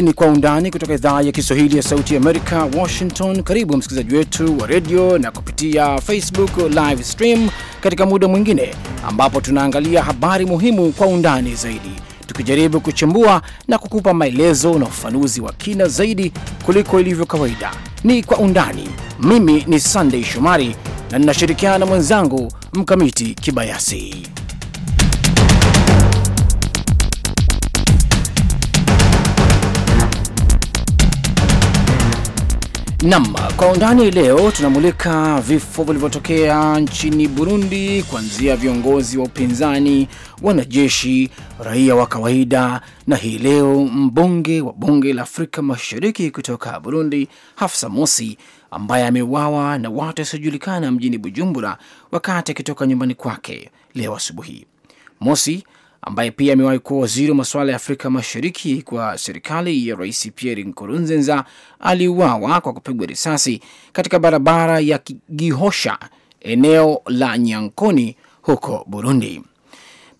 hii ni Kwa Undani kutoka idhaa ya Kiswahili ya Sauti Amerika, Washington. Karibu msikilizaji wetu wa redio na kupitia Facebook live stream katika muda mwingine ambapo tunaangalia habari muhimu kwa undani zaidi, tukijaribu kuchambua na kukupa maelezo na ufanuzi wa kina zaidi kuliko ilivyo kawaida. Ni Kwa Undani. Mimi ni sandey Shomari na ninashirikiana na mwenzangu Mkamiti Kibayasi. Nam kwa undani leo tunamulika vifo vilivyotokea nchini Burundi, kuanzia viongozi wa upinzani, wanajeshi, raia wa kawaida, na hii leo mbunge wa bunge la Afrika Mashariki kutoka Burundi, Hafsa Mosi, ambaye ameuawa na watu wasiojulikana mjini Bujumbura wakati akitoka nyumbani kwake leo asubuhi. Mosi ambaye pia amewahi kuwa waziri wa masuala ya Afrika Mashariki kwa serikali ya Rais Pierre Nkurunziza aliuawa kwa kupigwa risasi katika barabara ya Gihosha, eneo la Nyankoni huko Burundi.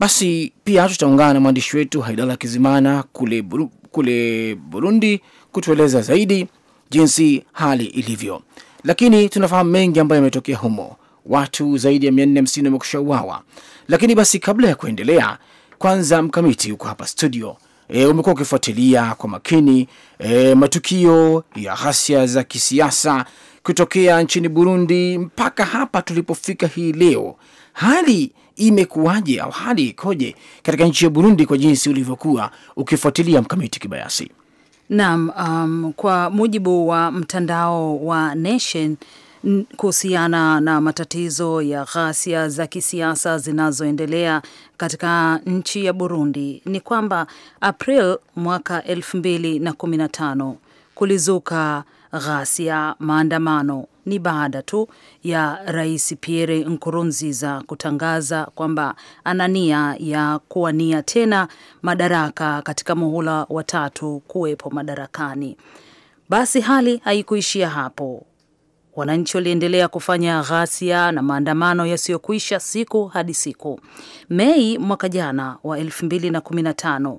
Basi pia tutaungana na mwandishi wetu Haidala Kizimana kule, Buru, kule Burundi kutueleza zaidi jinsi hali ilivyo, lakini tunafahamu mengi ambayo yametokea humo. Watu zaidi ya 450 wamekusha uawa, lakini basi kabla ya kuendelea kwanza mkamiti huko hapa studio e, umekuwa ukifuatilia kwa makini e, matukio ya ghasia za kisiasa kutokea nchini Burundi mpaka hapa tulipofika hii leo. Hali imekuwaje au hali ikoje katika nchi ya Burundi kwa jinsi ulivyokuwa ukifuatilia mkamiti kibayasi? Naam, um, kwa mujibu wa mtandao wa Nation kuhusiana na matatizo ya ghasia za kisiasa zinazoendelea katika nchi ya Burundi ni kwamba April mwaka 2015 kulizuka ghasia, maandamano ni baada tu ya Rais Pierre Nkurunziza kutangaza kwamba ana nia ya kuwania tena madaraka katika muhula wa tatu kuwepo madarakani. Basi hali haikuishia hapo. Wananchi waliendelea kufanya ghasia na maandamano yasiyokwisha siku hadi siku. Mei mwaka jana wa 2015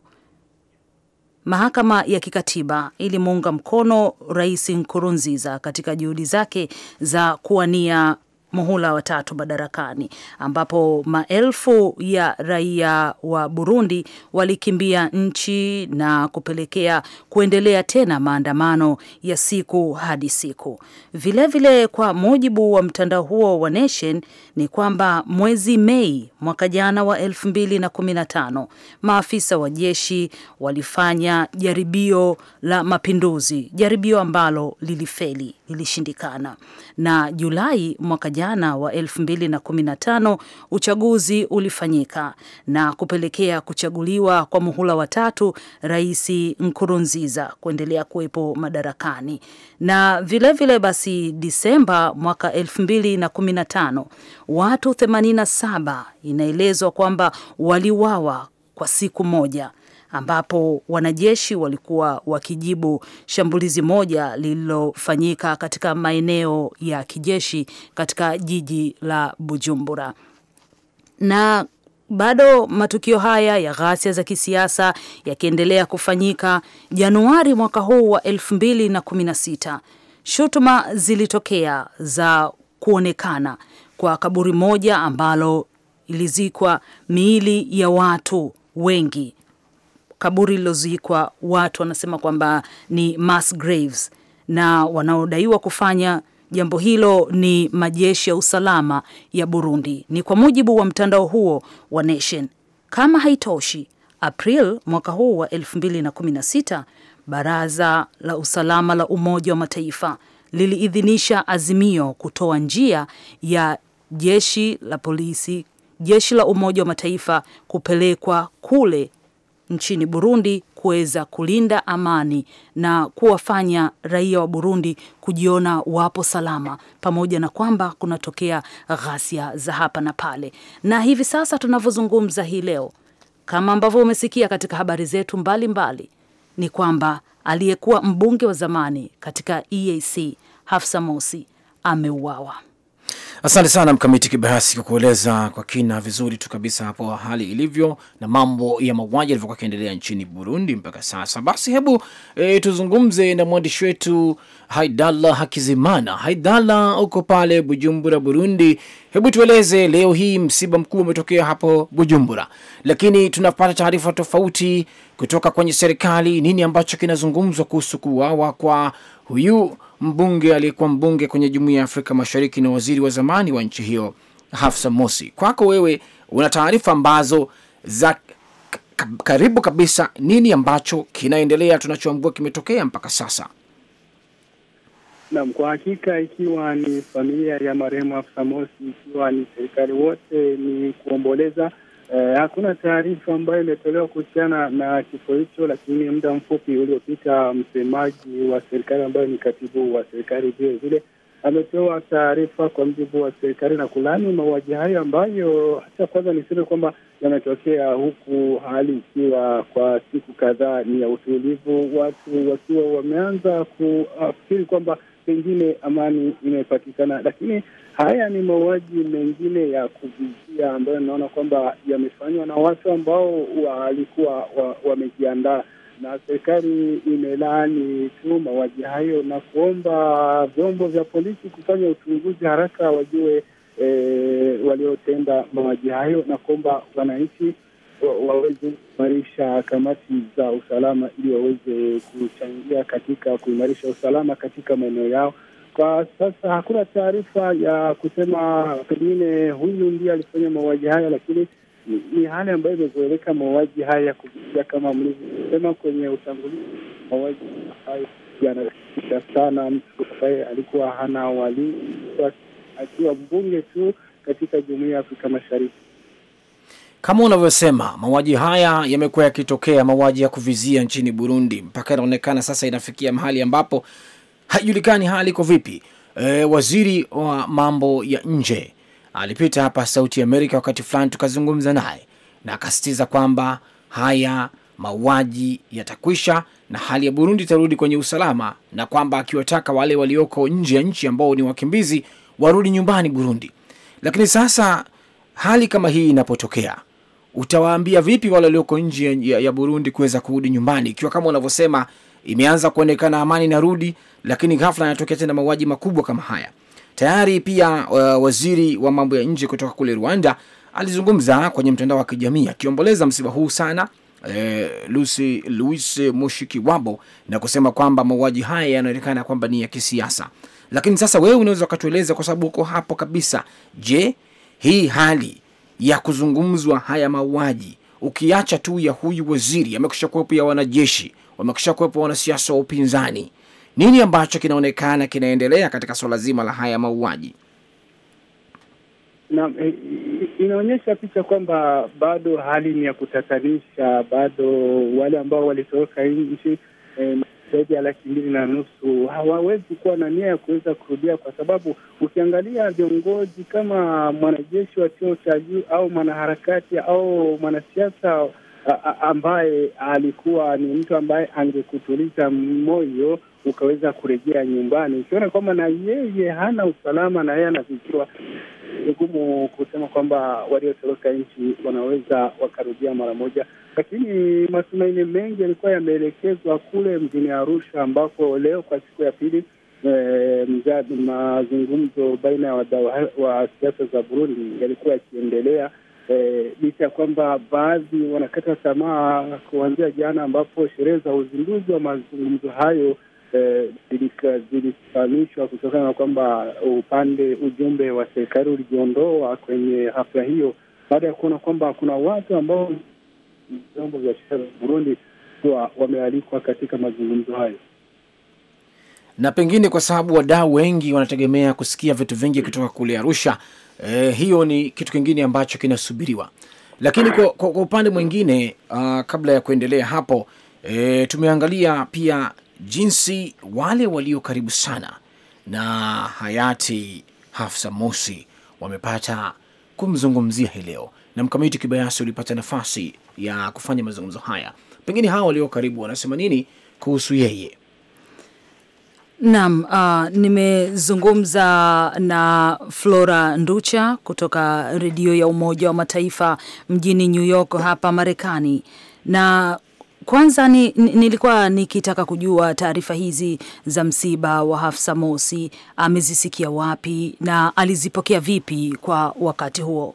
Mahakama ya kikatiba ilimuunga mkono Rais Nkurunziza katika juhudi zake za kuwania muhula wa tatu madarakani, ambapo maelfu ya raia wa Burundi walikimbia nchi na kupelekea kuendelea tena maandamano ya siku hadi siku. Vilevile vile, kwa mujibu wa mtandao huo wa Nation ni kwamba mwezi Mei mwaka jana wa 2015 maafisa wa jeshi walifanya jaribio la mapinduzi, jaribio ambalo lilifeli ilishindikana. Na Julai mwaka jana wa 2015 uchaguzi ulifanyika na kupelekea kuchaguliwa kwa muhula wa tatu Rais Nkurunziza kuendelea kuwepo madarakani. Na vilevile vile basi, Disemba mwaka 2015 watu 87 inaelezwa kwamba waliwawa kwa siku moja ambapo wanajeshi walikuwa wakijibu shambulizi moja lililofanyika katika maeneo ya kijeshi katika jiji la Bujumbura na bado matukio haya ya ghasia za kisiasa yakiendelea kufanyika. Januari mwaka huu wa 2016 shutuma zilitokea za kuonekana kwa kaburi moja ambalo ilizikwa miili ya watu wengi kaburi lilozikwa, watu wanasema kwamba ni mass graves, na wanaodaiwa kufanya jambo hilo ni majeshi ya usalama ya Burundi, ni kwa mujibu wa mtandao huo wa Nation. Kama haitoshi, April mwaka huu wa 2016 Baraza la Usalama la Umoja wa Mataifa liliidhinisha azimio kutoa njia ya jeshi la polisi, jeshi la Umoja wa Mataifa kupelekwa kule nchini Burundi kuweza kulinda amani na kuwafanya raia wa Burundi kujiona wapo salama, pamoja na kwamba kunatokea ghasia za hapa na pale. Na hivi sasa tunavyozungumza hii leo, kama ambavyo umesikia katika habari zetu mbalimbali mbali, ni kwamba aliyekuwa mbunge wa zamani katika EAC Hafsa Mosi ameuawa. Asante sana Mkamiti Kibayasi kwa kueleza kwa kina vizuri tu kabisa hapo hali ilivyo na mambo ya mauaji yalivyokuwa yakiendelea nchini Burundi mpaka sasa. Basi hebu e, tuzungumze na mwandishi wetu Haidala Hakizimana. Haidala, uko pale Bujumbura, Burundi, hebu tueleze leo hii msiba mkubwa umetokea hapo Bujumbura, lakini tunapata taarifa tofauti kutoka kwenye serikali. Nini ambacho kinazungumzwa kuhusu kuuawa kwa huyu mbunge aliyekuwa mbunge kwenye Jumuiya ya Afrika Mashariki na waziri wa zamani wa nchi hiyo Hafsa Mosi? Kwako wewe, una taarifa ambazo za karibu kabisa, nini ambacho kinaendelea tunachoambua kimetokea mpaka sasa? Naam, kwa hakika, ikiwa ni familia ya marehemu Afsa Mosi, ikiwa ni serikali, wote ni kuomboleza. Eh, hakuna taarifa ambayo imetolewa kuhusiana na kifo hicho, lakini muda mfupi uliopita msemaji wa serikali ambayo ni katibu wa serikali vile vile ametoa taarifa kwa mjibu wa serikali na kulani mauaji hayo ambayo hata kwanza niseme kwamba yametokea huku hali ikiwa kwa siku kadhaa ni ya utulivu, watu wakiwa wameanza kufikiri kwamba pengine amani imepatikana, lakini haya ni mauaji mengine ya kuvizia ambayo naona kwamba yamefanywa na watu ambao walikuwa wamejiandaa na serikali imelaani tu mauaji hayo na kuomba vyombo vya polisi kufanya uchunguzi haraka, wajue e, waliotenda mauaji hayo na kuomba wananchi waweze kuimarisha kamati za usalama ili waweze kuchangia katika kuimarisha usalama katika maeneo yao. Kwa sasa hakuna taarifa ya kusema pengine huyu ndiye alifanya mauaji haya, lakini ni hali ambayo imezoeleka mauaji haya kupitia, kama mlivyosema kwenye utangulizi, mauaji hayo yanasikitisha sana. Mtu ambaye alikuwa hana walii akiwa mbunge tu katika jumuiya ya Afrika Mashariki. Kama unavyosema mauaji haya yamekuwa yakitokea, mauaji ya kuvizia nchini Burundi, mpaka inaonekana sasa inafikia mahali ambapo haijulikani hali iko vipi. E, waziri wa mambo ya nje alipita hapa Sauti Amerika wakati fulani, tukazungumza naye na akasisitiza kwamba haya mauaji yatakwisha na hali ya Burundi itarudi kwenye usalama, na kwamba akiwataka wale walioko nje ya nchi ambao ni wakimbizi warudi nyumbani Burundi. Lakini sasa hali kama hii inapotokea utawaambia vipi wale walioko nje ya, ya Burundi kuweza kurudi nyumbani, ikiwa kama unavyosema imeanza kuonekana amani narudi, lakini ghafla yanatokea tena mauaji makubwa kama haya. Tayari pia uh, waziri wa mambo ya nje kutoka kule Rwanda alizungumza kwenye mtandao wa kijamii akiomboleza msiba huu sana eh, Lucy, Mushikiwabo na kusema kwamba mauaji haya yanaonekana kwamba ni ya kisiasa. Lakini sasa wewe unaweza ukatueleza, kwa sababu uko hapo kabisa. Je, hii hali ya kuzungumzwa haya mauaji, ukiacha tu ya huyu waziri, amekusha kuwepo ya wanajeshi, wamekusha kuwepo wanasiasa wa upinzani. Nini ambacho kinaonekana kinaendelea katika swala zima la haya mauaji? Naam, inaonyesha picha kwamba bado hali ni ya kutatanisha. Bado wale ambao walitoroka nchi eh, zaidi ya laki mbili na nusu hawawezi kuwa na nia ya kuweza kurudia, kwa sababu ukiangalia viongozi kama mwanajeshi wa cheo cha juu au mwanaharakati au mwanasiasa ambaye alikuwa ni mtu ambaye angekutuliza moyo ukaweza kurejea nyumbani, ukiona kwamba na yeye hana usalama na yeye anafikiwa, vigumu kusema kwamba waliotoroka nchi wanaweza wakarudia mara moja, lakini matumaini mengi yalikuwa yameelekezwa kule mjini Arusha, ambapo leo kwa siku ya pili E, mazungumzo baina ya wadau wa siasa za Burundi yalikuwa yakiendelea eh, licha e, ya kwamba baadhi wanakata tamaa kuanzia jana, ambapo sherehe za uzinduzi wa mazungumzo hayo eh, zilisimamishwa kutokana na kwamba upande ujumbe wa serikali ulijiondoa kwenye hafla hiyo baada ya kuona kwamba kuna watu ambao vyombo vya sheria za Burundi wamealikwa katika mazungumzo hayo na pengine kwa sababu wadau wengi wanategemea kusikia vitu vingi kutoka kule Arusha. Eh, hiyo ni kitu kingine ambacho kinasubiriwa, lakini kwa, kwa, kwa upande mwingine uh, kabla ya kuendelea hapo eh, tumeangalia pia jinsi wale walio karibu sana na hayati Hafsa Mosi wamepata kumzungumzia hii leo, na mkamiti Kibayasi ulipata nafasi ya kufanya mazungumzo haya, pengine hawa walio karibu wanasema nini kuhusu yeye? Naam, uh, nimezungumza na Flora Nducha kutoka redio ya Umoja wa Mataifa mjini New York hapa Marekani, na kwanza ni, nilikuwa nikitaka kujua taarifa hizi za msiba wa Hafsa Mosi amezisikia wapi na alizipokea vipi kwa wakati huo?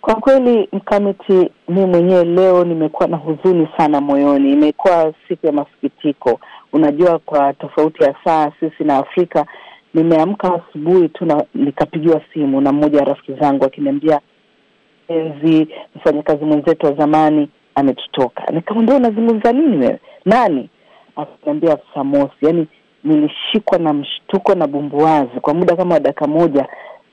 Kwa kweli mkamiti, mi mwenyewe leo nimekuwa na huzuni sana moyoni. Imekuwa siku ya masikitiko. Unajua, kwa tofauti ya saa sisi na Afrika, nimeamka asubuhi tu na nikapigiwa simu na mmoja wa rafiki zangu akiniambia, mfanyakazi mwenzetu wa zamani ametutoka. Nikaambia unazungumza nini wewe, nani? Akaniambia samosi Yani nilishikwa na mshtuko na bumbuazi kwa muda kama dakika moja.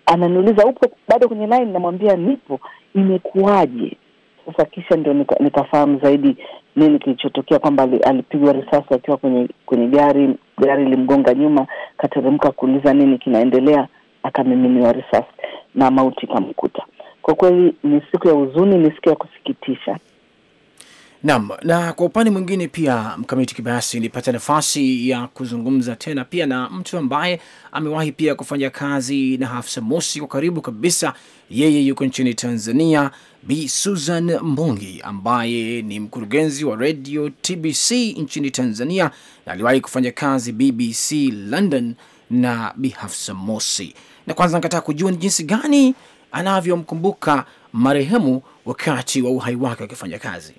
Ananiuliza upo bado kwenye line? Namwambia nipo. Imekuwaje? Sasa kisha ndio nika, zaidi nini kilichotokea, kwamba alipigwa risasi akiwa kwenye kwenye gari, gari ilimgonga nyuma, kateremka kuuliza nini kinaendelea, akamiminiwa risasi na mauti ikamkuta. Kwa kweli ni siku ya huzuni, ni siku ya kusikitisha. Naam, na kwa upande mwingine pia mkamiti kibayasi, nilipata nafasi ya kuzungumza tena pia na mtu ambaye amewahi pia kufanya kazi na Hafsa Mosi kwa karibu kabisa. Yeye yuko nchini Tanzania, Bi Susan Mbongi ambaye ni mkurugenzi wa radio TBC nchini Tanzania na aliwahi kufanya kazi BBC London na Bi Hafsa Mosi, na kwanza nikataka kujua ni jinsi gani anavyomkumbuka marehemu wakati wa uhai wake akifanya kazi.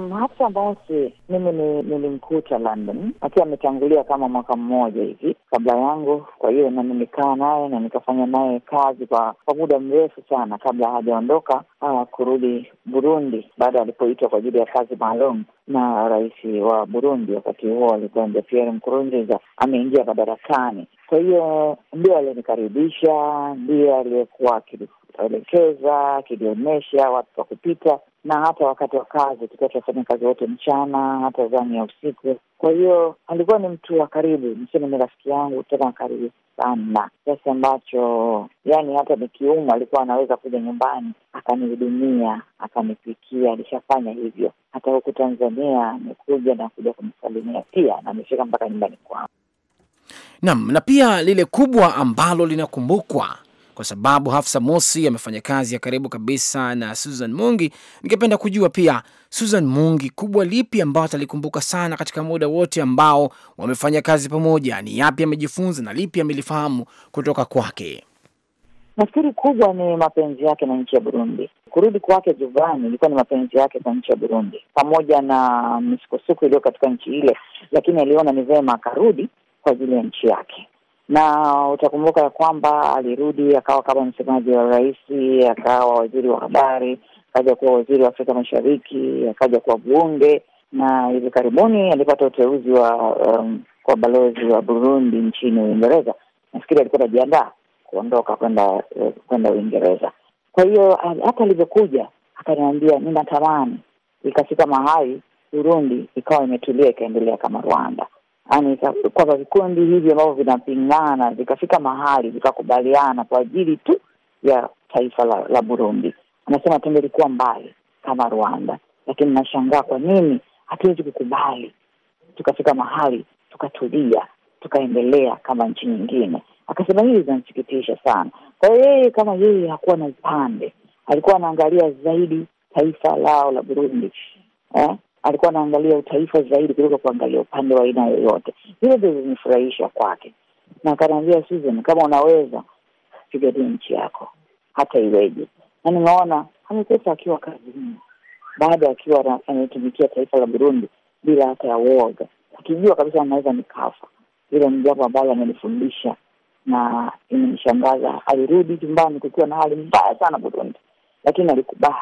Mm, Hafsa Abasi mimi nilimkuta London akiwa ametangulia kama mwaka mmoja hivi kabla yangu, kwa hiyo na nikaa naye na nikafanya naye kazi kwa kwa muda mrefu sana kabla hajaondoka ah, kurudi Burundi, baada alipoitwa kwa ajili ya kazi maalum na rais wa Burundi wakati huo alikuwa ndio Pierre Nkurunziza ameingia madarakani. Kwa hiyo ndio aliyenikaribisha ndiye aliyekuwa akituelekeza, akilionyesha watu wa kupita na hata wakati wa kazi tukiwa tunafanya kazi wote mchana, hata zani ya usiku. Kwa hiyo alikuwa ni mtu wa karibu, niseme ni rafiki yangu tena wa karibu sana, kiasi ambacho yani hata nikiumwa alikuwa anaweza kuja nyumbani akanihudumia, akanipikia. Alishafanya hivyo hata huku Tanzania, amekuja na kuja kumsalimia pia, na amefika mpaka nyumbani kwangu. nam na pia lile kubwa ambalo linakumbukwa kwa sababu Hafsa Mosi amefanya kazi ya karibu kabisa na Susan Mungi, ningependa kujua pia Susan Mungi, kubwa lipi ambao atalikumbuka sana katika muda wote ambao wamefanya kazi pamoja? Ni yapi amejifunza na lipi amelifahamu kutoka kwake? Nafikiri kubwa ni mapenzi yake na nchi ya Burundi. Kurudi kwake Juvani ilikuwa ni mapenzi yake kwa nchi ya Burundi, pamoja na misukosuko iliyo katika nchi ile, lakini aliona ni vema akarudi kwa ajili ya nchi yake na utakumbuka ya kwamba alirudi akawa kama msemaji wa rais, akawa waziri wa habari, akaja kuwa waziri wa Afrika Mashariki, akaja kuwa bunge, na hivi karibuni alipata uteuzi wa um, kwa balozi wa Burundi nchini Uingereza. Nafikiri alikuwa anajiandaa kuondoka kwenda eh, kwenda Uingereza. Kwa hiyo hata alivyokuja akaniambia, ninatamani ikafika mahali Burundi ikawa imetulia ikaendelea kama Rwanda yani kwamba vikundi hivi ambavyo vinapingana vikafika mahali vikakubaliana kwa ajili tu ya taifa la, la Burundi. Anasema tungelikuwa mbali kama Rwanda, lakini nashangaa kwa nini hatuwezi kukubali tukafika mahali tukatulia tukaendelea kama nchi nyingine. Akasema hili zinasikitisha sana. Kwa hiyo yeye kama yeye hakuwa na upande, alikuwa anaangalia zaidi taifa lao la Burundi eh? alikuwa anaangalia utaifa zaidi kuliko kuangalia upande wa aina yoyote. hilo ndio zimefurahisha kwake, na akaniambia Susan, kama unaweza pigania nchi yako hata iweje. Na nimeona amepesa akiwa kazini, baada akiwa anatumikia taifa la Burundi bila hata ya uoga, akijua kabisa anaweza nikafa. Hilo ni jambo ambalo amenifundisha na imenishangaza. Alirudi nyumbani kukiwa na hali mbaya sana Burundi, lakini alikubali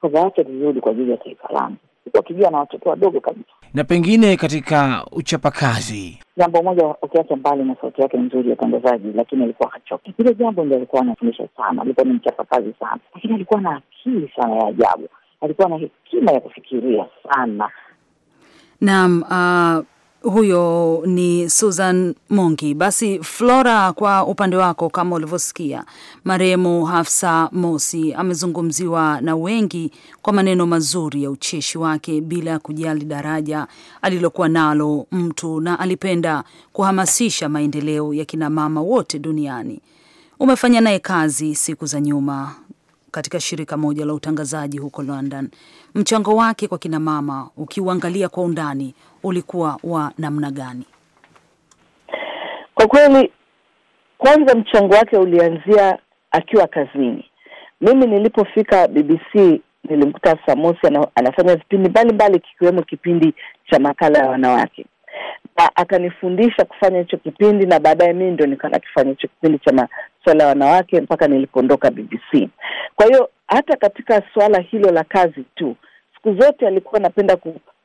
kwa acha turudi kwa ajili ya taifa langu wakijiwa na watoto wadogo kabisa. Na pengine katika uchapakazi, jambo moja ukiacha mbali na sauti yake nzuri ya utangazaji, lakini alikuwa hachoki. Ile jambo ndio alikuwa anafundisha sana, alikuwa ni mchapakazi sana, lakini alikuwa na akili sana ya ajabu, alikuwa na hekima ya kufikiria sana. Naam. Uh, huyo ni Susan Mongi. Basi Flora, kwa upande wako, kama ulivyosikia, marehemu Hafsa Mosi amezungumziwa na wengi kwa maneno mazuri ya ucheshi wake bila ya kujali daraja alilokuwa nalo mtu, na alipenda kuhamasisha maendeleo ya kinamama wote duniani. Umefanya naye kazi siku za nyuma katika shirika moja la utangazaji huko London mchango wake kwa kinamama ukiuangalia kwa undani ulikuwa wa namna gani? Kwa kweli, kwanza mchango wake ulianzia akiwa kazini. Mimi nilipofika BBC nilimkuta Samosi anafanya vipindi mbalimbali kikiwemo kipindi cha makala ya wanawake na akanifundisha kufanya hicho kipindi, na baadaye mimi ndo nikawa nakifanya hicho kipindi cha masuala ya wanawake mpaka nilipoondoka BBC. Kwa hiyo hata katika suala hilo la kazi tu. Siku zote alikuwa anapenda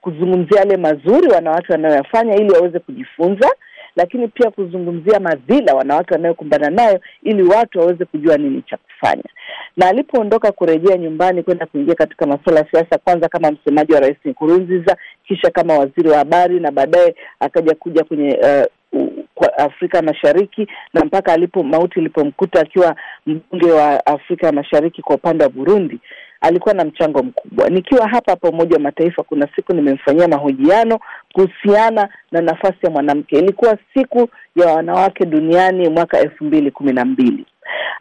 kuzungumzia yale mazuri wanawake wanayoyafanya ili waweze kujifunza, lakini pia kuzungumzia madhila wanawake wanayokumbana nayo ili watu waweze kujua nini cha kufanya. Na alipoondoka kurejea nyumbani kwenda kuingia katika masuala ya siasa, kwanza kama msemaji wa Rais Nkurunziza, kisha kama waziri wa habari, na baadaye akaja kuja kwenye uh, kwa Afrika Mashariki na mpaka alipo mauti ilipomkuta akiwa mbunge wa Afrika Mashariki kwa upande wa Burundi alikuwa na mchango mkubwa. Nikiwa hapa hapa Umoja wa Mataifa, kuna siku nimemfanyia mahojiano kuhusiana na nafasi ya mwanamke. Ilikuwa siku ya wanawake duniani mwaka elfu mbili kumi na mbili.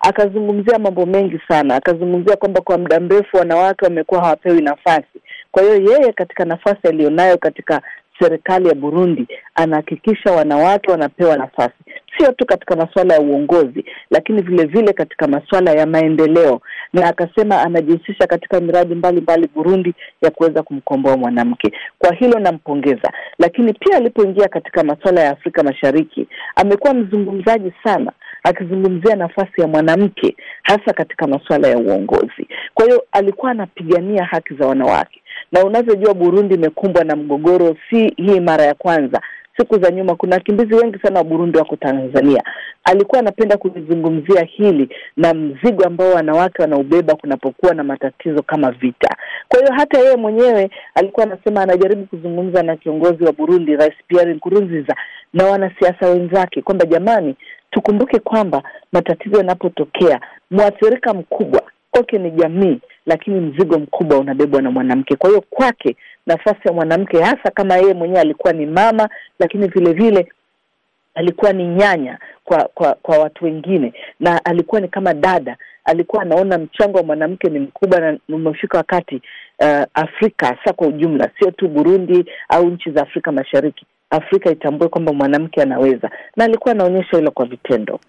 Akazungumzia mambo mengi sana, akazungumzia kwamba kwa muda mrefu wanawake wamekuwa hawapewi nafasi. Kwa hiyo yeye katika nafasi aliyonayo katika serikali ya Burundi anahakikisha wanawake wanapewa nafasi, sio tu katika masuala ya uongozi, lakini vilevile vile katika masuala ya maendeleo, na akasema anajihusisha katika miradi mbalimbali Burundi ya kuweza kumkomboa mwanamke. Kwa hilo nampongeza, lakini pia alipoingia katika masuala ya Afrika Mashariki amekuwa mzungumzaji sana akizungumzia nafasi ya mwanamke hasa katika masuala ya uongozi. Kwa hiyo alikuwa anapigania haki za wanawake, na unavyojua Burundi imekumbwa na mgogoro, si hii mara ya kwanza. Siku za nyuma kuna wakimbizi wengi sana wa Burundi wako Tanzania. Alikuwa anapenda kulizungumzia hili na mzigo ambao wanawake wanaubeba kunapokuwa na matatizo kama vita. Kwa hiyo hata yeye mwenyewe alikuwa anasema anajaribu kuzungumza na kiongozi wa Burundi, Rais Pierre Nkurunziza na wanasiasa wenzake kwamba jamani, Tukumbuke kwamba matatizo yanapotokea, mwathirika mkubwa oke ni jamii, lakini mzigo mkubwa unabebwa na mwanamke. Kwa hiyo kwake, nafasi ya mwanamke, hasa kama yeye mwenyewe alikuwa ni mama, lakini vilevile vile, alikuwa ni nyanya kwa kwa kwa watu wengine, na alikuwa ni kama dada. Alikuwa anaona mchango wa mwanamke ni mkubwa na umefika wakati uh, Afrika hasa kwa ujumla, sio tu Burundi au nchi za Afrika Mashariki, Afrika itambue kwamba mwanamke anaweza, na alikuwa anaonyesha hilo kwa vitendo.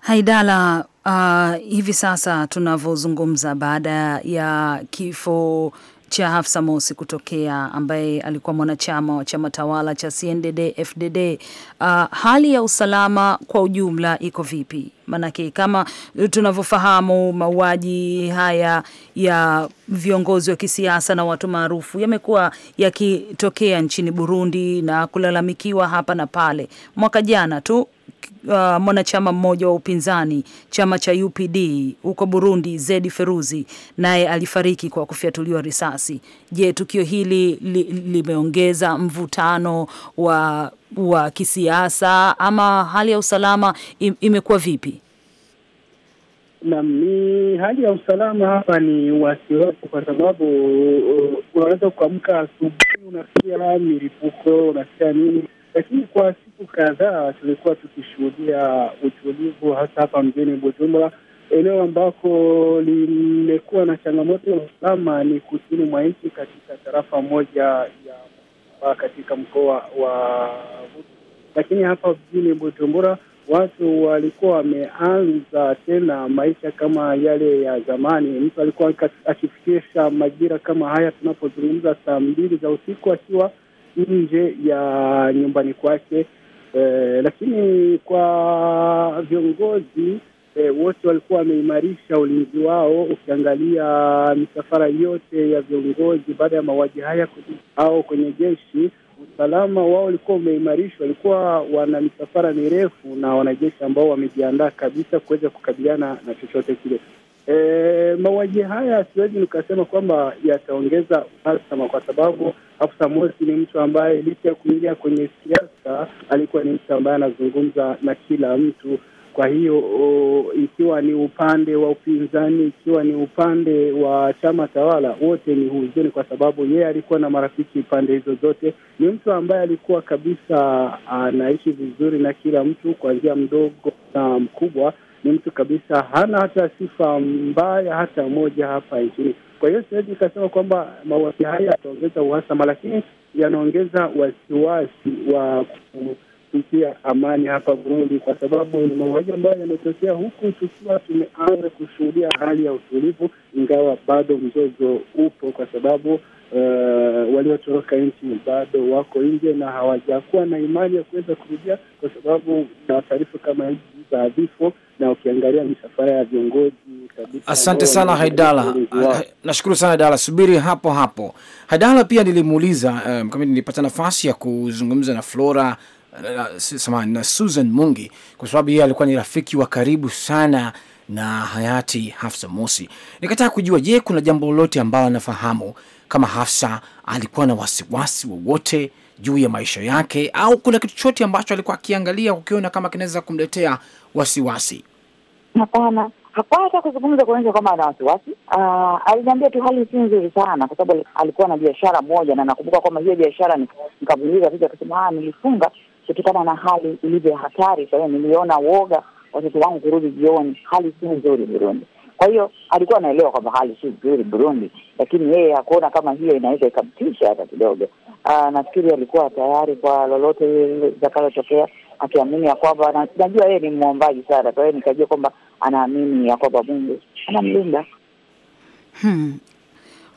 Haidala, uh, hivi sasa tunavyozungumza, baada ya kifo cha Hafsa Mosi kutokea ambaye alikuwa mwanachama wa chama tawala cha CNDD-FDD. Uh, ah, hali ya usalama kwa ujumla iko vipi? Maanake kama tunavyofahamu mauaji haya ya viongozi wa kisiasa na watu maarufu yamekuwa yakitokea nchini Burundi na kulalamikiwa hapa na pale. Mwaka jana tu uh, mwanachama mmoja wa upinzani chama cha UPD huko Burundi, Zedi Feruzi naye alifariki kwa kufyatuliwa risasi. Je, tukio hili limeongeza li mvutano wa, wa kisiasa ama hali ya usalama im, imekuwa vipi? Naam, ni hali ya usalama hapa ni wasiwasi, kwa sababu uh, unaweza kuamka asubuhi unasikia milipuko, unasikia nini lakini kwa siku kadhaa tumekuwa tukishuhudia utulivu, hasa hapa mjini Bujumbura. Eneo ambako limekuwa na changamoto ya usalama ni kusini mwa nchi, katika tarafa moja ya katika mkoa wa lakini hapa mjini Bujumbura watu walikuwa wameanza tena maisha kama yale ya zamani. Mtu alikuwa akifikisha majira kama haya tunapozungumza, saa mbili za usiku akiwa nje ya nyumbani kwake eh, lakini kwa viongozi eh, wote walikuwa wameimarisha ulinzi wao. Ukiangalia misafara yote ya viongozi baada ya mauaji haya au kwenye jeshi, usalama wao ulikuwa umeimarishwa, walikuwa wana misafara mirefu na wanajeshi ambao wamejiandaa kabisa kuweza kukabiliana na chochote kile. E, mauaji haya siwezi nikasema kwamba yataongeza uhasama kwa sababu Alafu Mosi ni mtu ambaye licha ya kuingia kwenye siasa alikuwa ni mtu ambaye anazungumza na kila mtu. Kwa hiyo o, ikiwa ni upande wa upinzani, ikiwa ni upande wa chama tawala, wote ni huzuni, kwa sababu yeye alikuwa na marafiki pande hizo zote. Ni mtu ambaye alikuwa kabisa anaishi vizuri na kila mtu, kuanzia mdogo na mkubwa. Ni mtu kabisa, hana hata sifa mbaya hata moja hapa nchini. Kwa hiyo siwezi nikasema kwamba mauaji haya yataongeza uhasama, lakini yanaongeza wasiwasi wa kufikia amani hapa Burundi, kwa sababu ni mauaji ambayo yametokea huku tukiwa tumeanza kushuhudia hali ya utulivu, ingawa bado mzozo upo, kwa sababu Uh, waliotoroka nchi bado wako nje na hawajakuwa na imani ya kuweza kurudia, kwa sababu na taarifa kama hizi za vifo na ukiangalia misafara ya viongozi kabisa. Asante sana Haidala, ah, nashukuru sana Haidala, subiri hapo hapo. Haidala pia nilimuuliza um, eh, kama nilipata nafasi ya kuzungumza na Flora eh, samani na Susan Mungi kwa sababu yeye alikuwa ni rafiki wa karibu sana na hayati Hafsa Mosi. Nikataka kujua, je, kuna jambo lolote ambalo anafahamu kama Hafsa alikuwa na wasiwasi wowote juu ya maisha yake, au kuna kitu chote ambacho alikuwa akiangalia ukiona kama kinaweza kumletea wasiwasi? Hapana, hakuwa hata kuzungumza kuonyesha kwamba ana wasiwasi. Ah, aliniambia tu hali si nzuri sana, kwa sababu alikuwa na biashara moja, na nakumbuka kwamba hiyo biashara nikamuuliza vitu, akasema ah, nilifunga kutokana na hali ilivyo hatari. Kwa hiyo niliona woga watoto wangu kurudi jioni, hali si nzuri Burundi. Kwa hiyo alikuwa anaelewa kwamba hali si nzuri Burundi, lakini yeye hakuona kama hiyo inaweza ikamtisha hata kidogo. Ah, nafikiri alikuwa tayari kwa lolote litakalotokea akiamini ya kwamba najua yeye ni mwombaji sana, kwa hiyo nikajua kwamba anaamini ya kwamba Mungu anamlinda. hmm.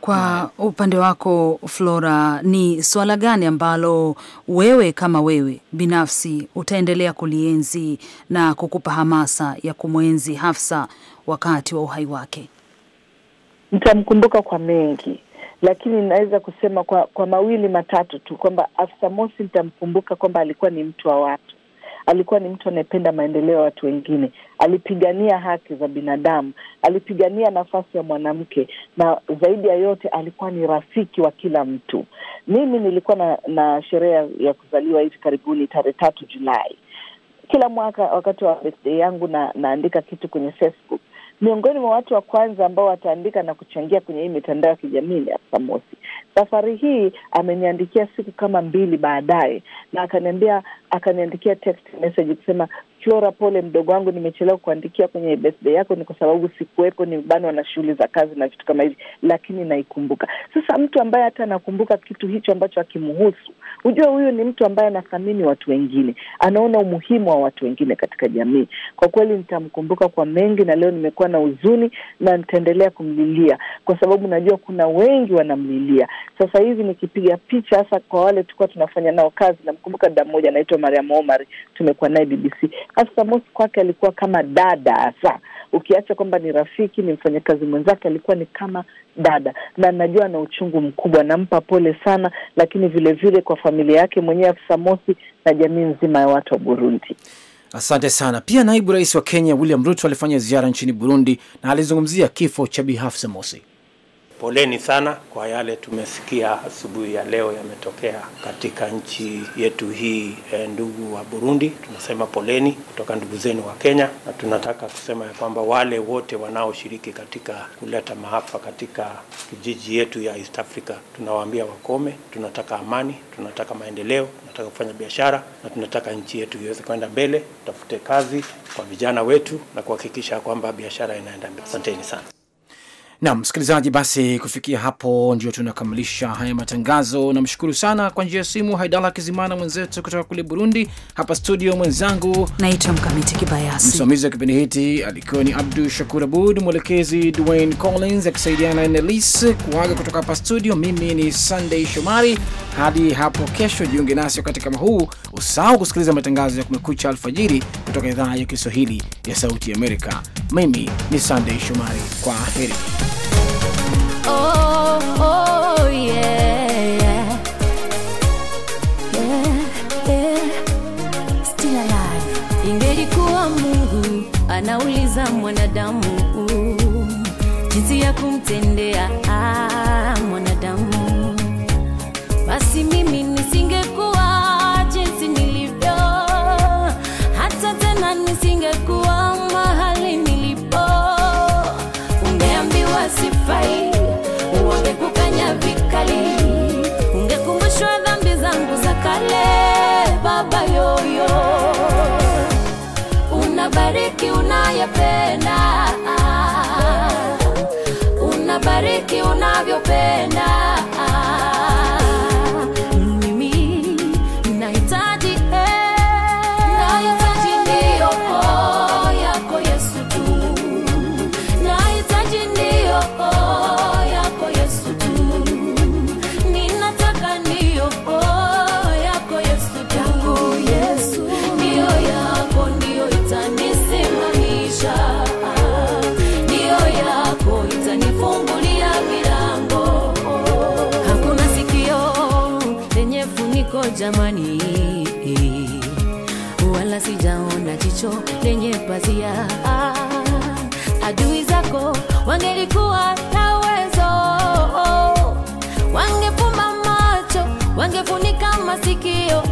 Kwa upande wako Flora, ni suala gani ambalo wewe kama wewe binafsi utaendelea kulienzi na kukupa hamasa ya kumwenzi Hafsa wakati wa uhai wake? Nitamkumbuka kwa mengi, lakini naweza kusema kwa, kwa mawili matatu tu kwamba Hafsa Mosi nitamkumbuka kwamba alikuwa ni mtu wa watu alikuwa ni mtu anayependa maendeleo ya watu wengine, alipigania haki za binadamu, alipigania nafasi ya mwanamke, na zaidi ya yote alikuwa ni rafiki wa kila mtu. Mimi nilikuwa na, na sherehe ya kuzaliwa hivi karibuni tarehe tatu Julai. Kila mwaka wakati wa birthday yangu na, naandika kitu kwenye Facebook Miongoni mwa watu wa kwanza ambao wataandika na kuchangia kwenye hii mitandao ya kijamii ni Afsa Mosi. Safari hii ameniandikia siku kama mbili baadaye, na akaniambia, akaniandikia text message kusema Flora, pole mdogo wangu, nimechelewa kuandikia kwenye birthday yako, ni kwa sababu sikuwepo, nimebanwa na shughuli za kazi na vitu kama hivi, lakini naikumbuka. Sasa mtu ambaye hata anakumbuka kitu hicho ambacho akimhusu, hujua huyu ni mtu ambaye anathamini watu wengine, anaona umuhimu wa watu wengine katika jamii. Kwa kweli nitamkumbuka kwa mengi, na leo nimekuwa na huzuni na nitaendelea kumlilia kwa sababu najua kuna wengi wanamlilia sasa hivi. Nikipiga picha hasa kwa wale tulikuwa tunafanya nao kazi, namkumbuka dada mmoja anaitwa Mariam Omari, tumekuwa naye BBC Hasa Mosi kwake alikuwa kama dada hasa, ukiacha kwamba ni rafiki, ni mfanyakazi mwenzake, alikuwa ni kama dada, na najua na uchungu mkubwa. Nampa pole sana, lakini vilevile vile kwa familia yake mwenyewe Afisa Mosi na jamii nzima ya watu wa Burundi. Asante sana. Pia naibu rais wa Kenya William Ruto alifanya ziara nchini Burundi na alizungumzia kifo cha Bi Hafsa Mosi. Poleni sana kwa yale tumesikia asubuhi ya leo yametokea katika nchi yetu hii. E, ndugu wa Burundi, tunasema poleni kutoka ndugu zenu wa Kenya, na tunataka kusema ya kwamba wale wote wanaoshiriki katika kuleta maafa katika kijiji yetu ya East Africa tunawaambia wakome. Tunataka amani, tunataka maendeleo, tunataka kufanya biashara na tunataka nchi yetu iweze kwenda mbele. Tafute kazi kwa vijana wetu na kuhakikisha kwamba biashara inaenda mbele. Asanteni sana. Nam msikilizaji, basi kufikia hapo ndio tunakamilisha haya matangazo. Namshukuru sana kwa njia ya simu Haidala Kizimana mwenzetu kutoka kule Burundi. Hapa studio mwenzangu naitwa Mkamiti Kibayasi, msimamizi wa kipindi hiki alikuwa ni Abdu Shakur Abud, mwelekezi Dwayne Collins akisaidiana na Elis kuaga kutoka hapa studio. Mimi ni Sunday Shomari, hadi hapo kesho jiunge nasi wakati kama huu. Usahau kusikiliza matangazo ya Kumekucha alfajiri kutoka idhaa ya Kiswahili ya Sauti Amerika. Mimi ni Sunday Shomari, kwa heri oh, oh Ingelikuwa Mungu anauliza mwanadamu jinsi ya kumtendea ah, mwanadamu, basi mimi nisinge unayependa, unabariki unavyopenda zamani, wala sijaona jicho lenye pazia. Adui zako wangelikuwa na uwezo, wangefumba macho, wangefunika masikio,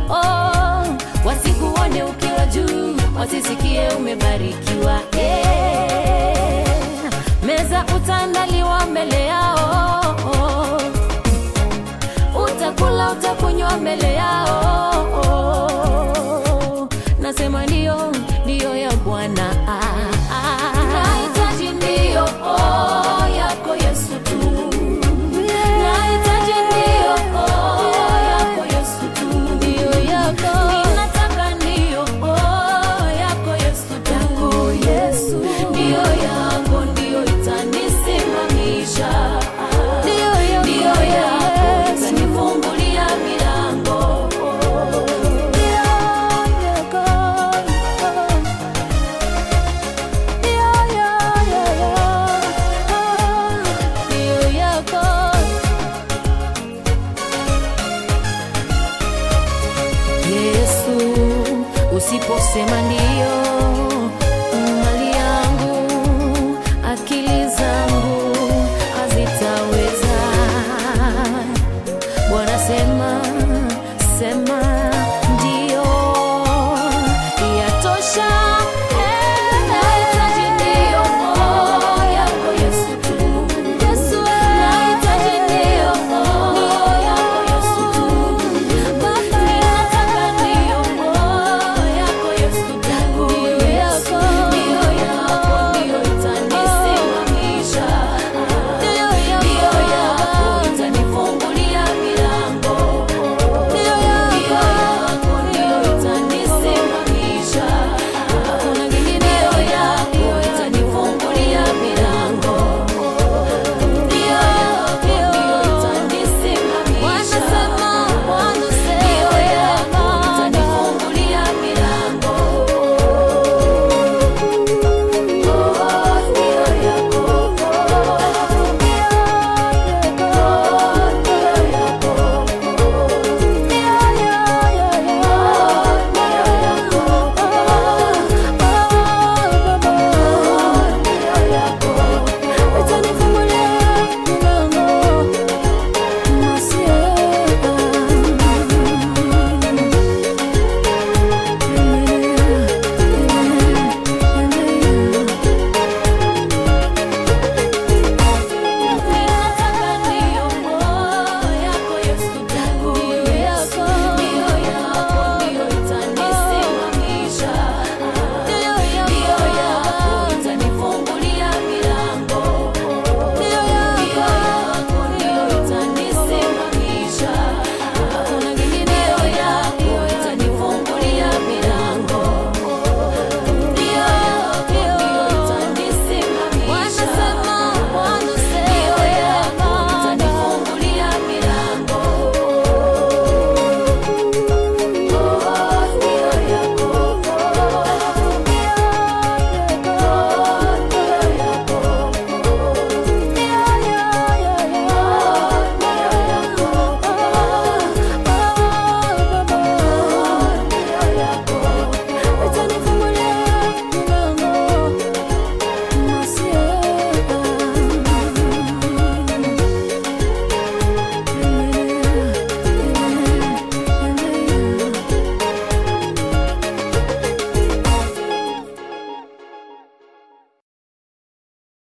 wasikuone ukiwa juu, wasisikie umebarikiwa, yeah. a yao oh.